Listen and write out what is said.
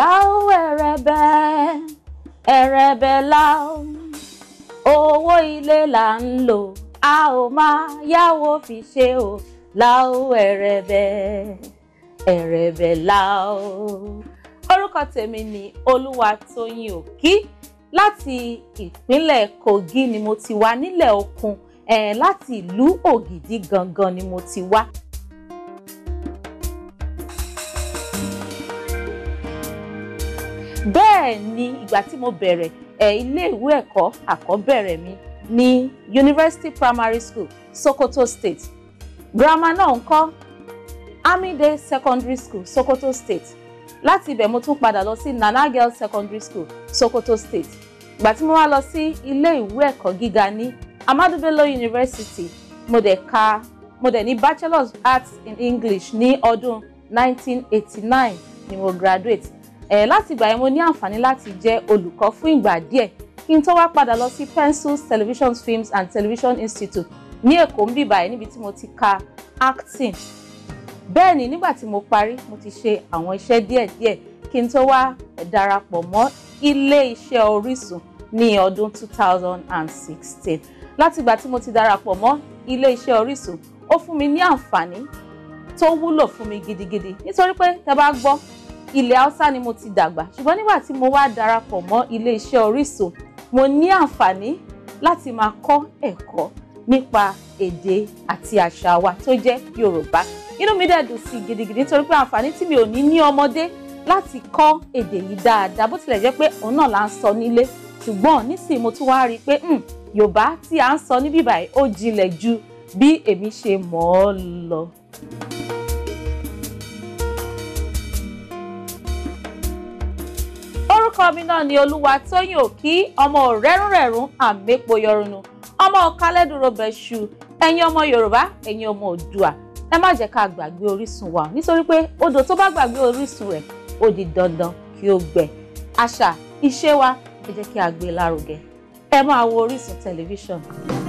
láó ẹ̀rẹ̀bẹ̀ ẹ̀rẹ̀bẹ̀ láó owó ilé là ń lò a ò máa yáwó fi ṣe o láó ẹ̀rẹ̀bẹ̀ ẹ̀rẹ̀bẹ̀ láó. orúkọ tèmi ni Olúwatóyìn Òkí láti ìpínlẹ̀ Kogi ni mo ti wá nílẹ̀ òkun eh, láti ìlú Ògìdì gangan ni mo ti wá. bẹ́ẹ̀ ni ìgbà tí mo bẹ̀rẹ̀ ẹ̀ ilé ìwé ẹ̀kọ́ àkọ́bẹ̀rẹ̀ mi ní University Primary School Sokoto State girama náà ń kọ́ Amide Secondary School Sokoto State láti ibẹ̀ mo tún padà lọ sí Nana Girls Secondary School Sokoto State ìgbà tí mo wá lọ sí ilé ìwé ẹ̀kọ́ gíga ní Amadu Bello University mo dẹ̀ ka mo dẹ̀ ní Bachelor of Arts in English ní ọdún 1989 ni mo graduate ẹ̀ láti ìgbà yẹn mo ní àǹfààní láti jẹ́ olùkọ́ fún ìgbà díẹ̀ kí n tó wá padà lọ sí Pencils Television Films and Television Institute ní Èkó ń bì báyìí níbi tí mo ti ka acting bẹ́ẹ̀ ni nígbà tí mo parí mo ti ṣe àwọn iṣẹ́ díẹ̀díẹ̀ kí n tó wá darapọ̀ mọ́ ilé iṣẹ́ Orísun ní ọdún 2016 látìgbà tí mo ti darapọ̀ mọ́ ilé iṣẹ́ Orísun ó fún mi ní àǹfààní tó wúlò fún mi gidigidi nítorí pé tẹ́ bá gbọ́ ilẹ̀ haúsá ni mo ti dàgbà ṣùgbọ́n nígbà tí mo wá darapọ̀ mọ́ iléeṣẹ́ Orísun mo ní àǹfààní láti máa kọ́ ẹ̀kọ́ nípa èdè àti àṣà wa tó jẹ́ Yorùbá inú mi dẹ̀ sí gidigidi nítorí pé àǹfààní tí mi ò ní ní ọmọdé láti kọ́ èdè yìí dáadáa bó tilẹ̀ jẹ́ pé òun náà là ń sọ nílé ṣùgbọ́n nísìnyí mo tún wá rí i pé hmm, Yorùbá tí à ń sọ níbí báyìí ó jinlẹ̀ ju bí èmi ṣe mọ̀ ọ́ lọ. orúkọ mi náà ni olúwa tóyìn òkí ọmọ rẹrùnrẹrùn àmẹpọ yọrùnù ọmọ kálẹdùrọ bẹṣù ẹ̀yin ọmọ yorùbá ẹ̀yin ọmọ òdùà ẹ má jẹ́ ká gbàgbé orísun wa nítorí pé odò tó bá gbàgbé orísun rẹ̀ ó di dandan kí ó gbẹ àṣà iṣẹ́ wa ẹ jẹ́ kí a gbé lárugẹ ẹ máa wo orísun tẹlifíṣàn.